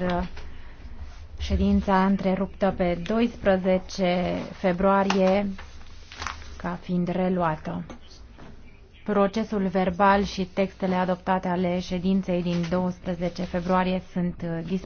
noastră ședința întreruptă pe 12 februarie ca fiind reluată. Procesul verbal și textele adoptate ale ședinței din 12 februarie sunt disponibile.